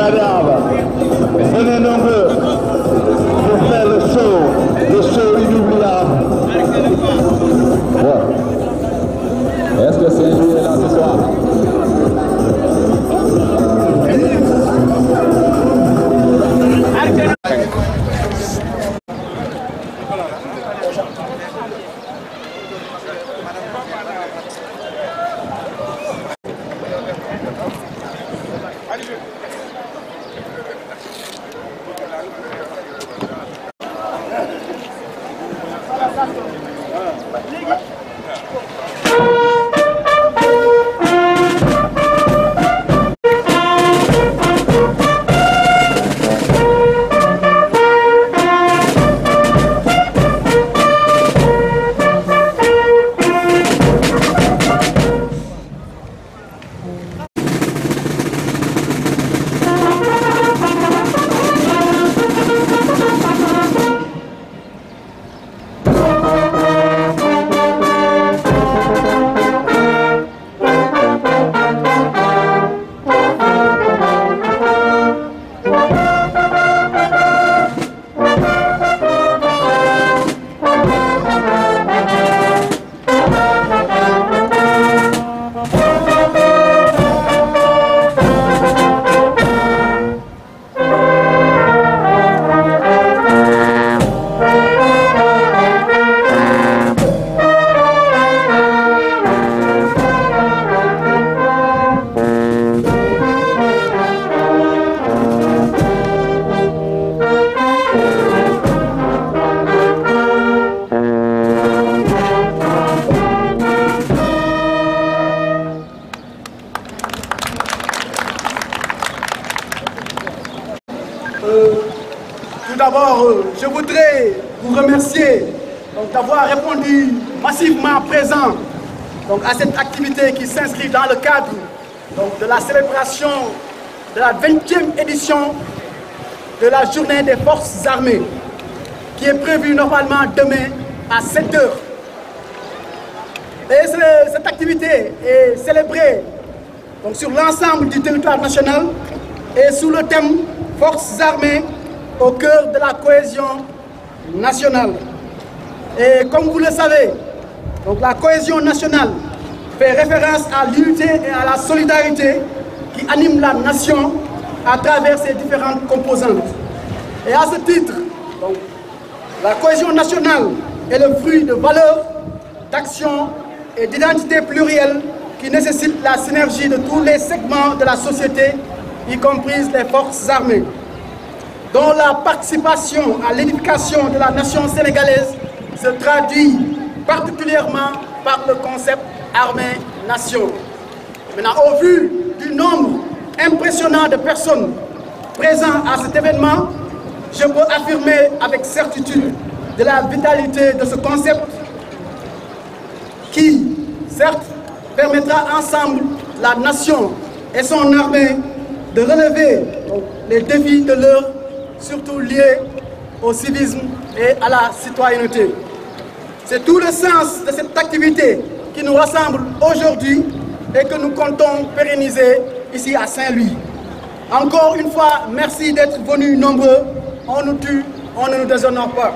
caramba! d'abord, euh, je voudrais vous remercier d'avoir répondu massivement présent à cette activité qui s'inscrit dans le cadre de la célébration de la 20e édition de la journée des forces armées qui est prévue normalement demain à 7 h Et cette activité est célébrée sur l'ensemble du territoire national et sous le thème Forces armées au cœur de la cohésion nationale. Et comme vous le savez, donc la cohésion nationale fait référence à l'unité et à la solidarité qui anime la nation à travers ses différentes composantes. Et à ce titre, la cohésion nationale est le fruit de valeurs, d'actions et d'identités plurielles qui nécessitent la synergie de tous les segments de la société, y compris les forces armées dont la participation à l'édification de la nation sénégalaise se traduit particulièrement par le concept armée-nation. Maintenant, au vu du nombre impressionnant de personnes présentes à cet événement, je peux affirmer avec certitude de la vitalité de ce concept qui, certes, permettra ensemble la nation et son armée de relever les défis de leur surtout liées au civisme et à la citoyenneté. C'est tout le sens de cette activité qui nous rassemble aujourd'hui et que nous comptons pérenniser ici à Saint-Louis. Encore une fois, merci d'être venus nombreux. On nous tue, on ne nous déshonore pas.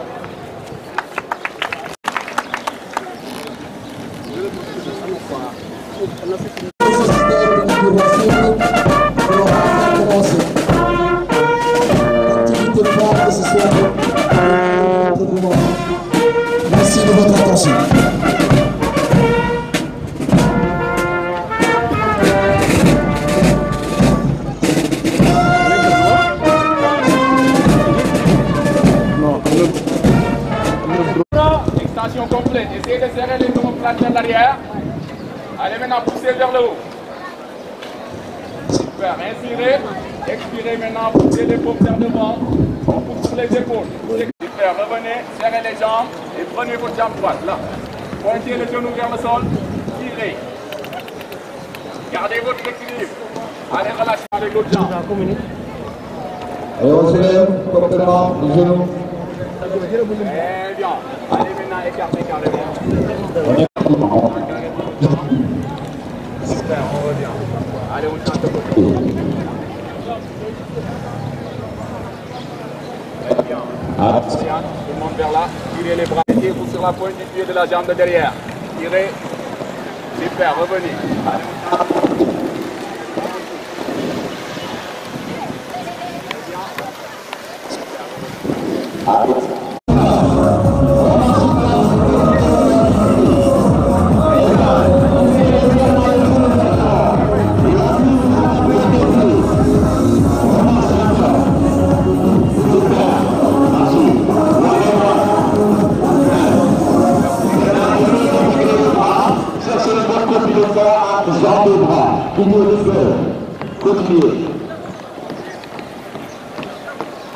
Allez maintenant, poussez vers le haut. Super, inspirez. Expirez maintenant, poussez les paumes vers devant. On pousse sur les épaules. Super, revenez, serrez les jambes et prenez votre jambe droite. Là. Pointez les genoux vers le sol. Tirez. Gardez votre équilibre. Allez, relâchez avec l'autre jambe. Allez, on se lève complètement les genoux. Très bien. Allez maintenant, écartez carrément. Tout le monde vers là. Tirez les bras. tirez sur la pointe du pied de la jambe de derrière. Tirez. Super, revenez. Allez.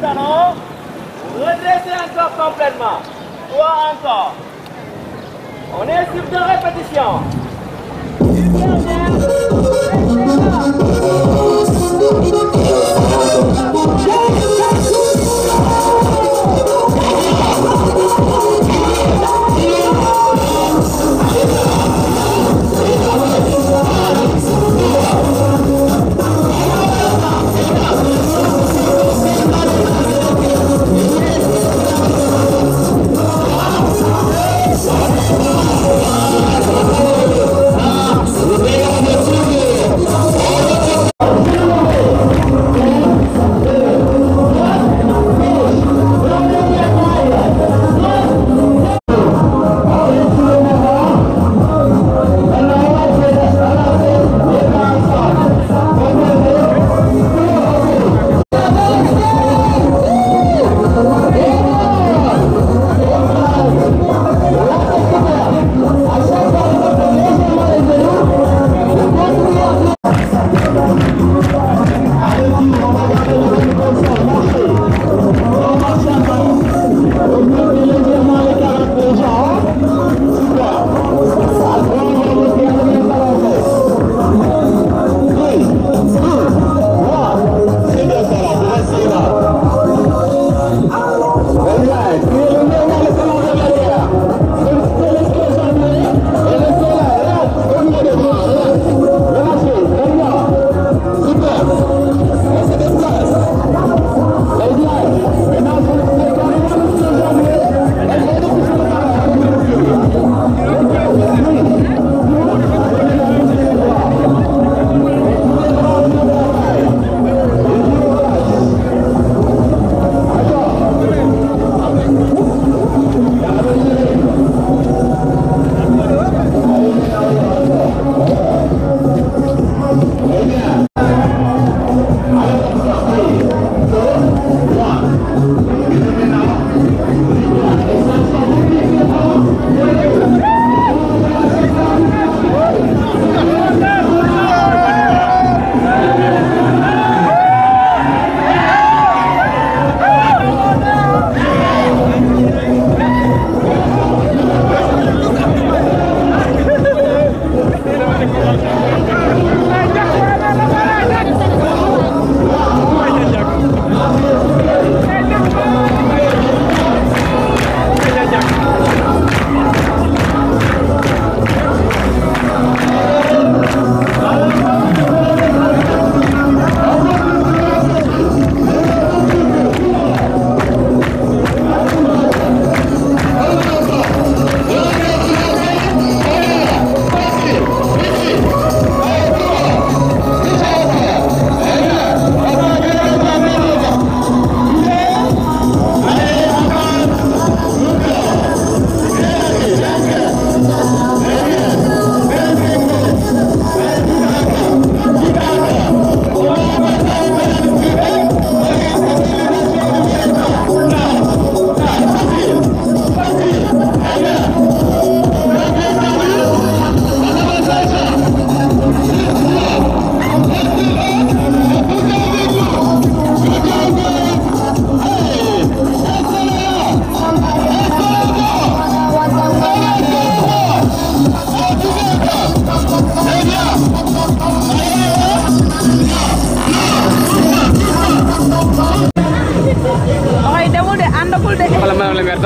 talon. Redressez encore complètement. trois encore. On est sur deux répétitions. Amen.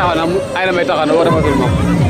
taxaw na ay na may taxaw na war a ko filmé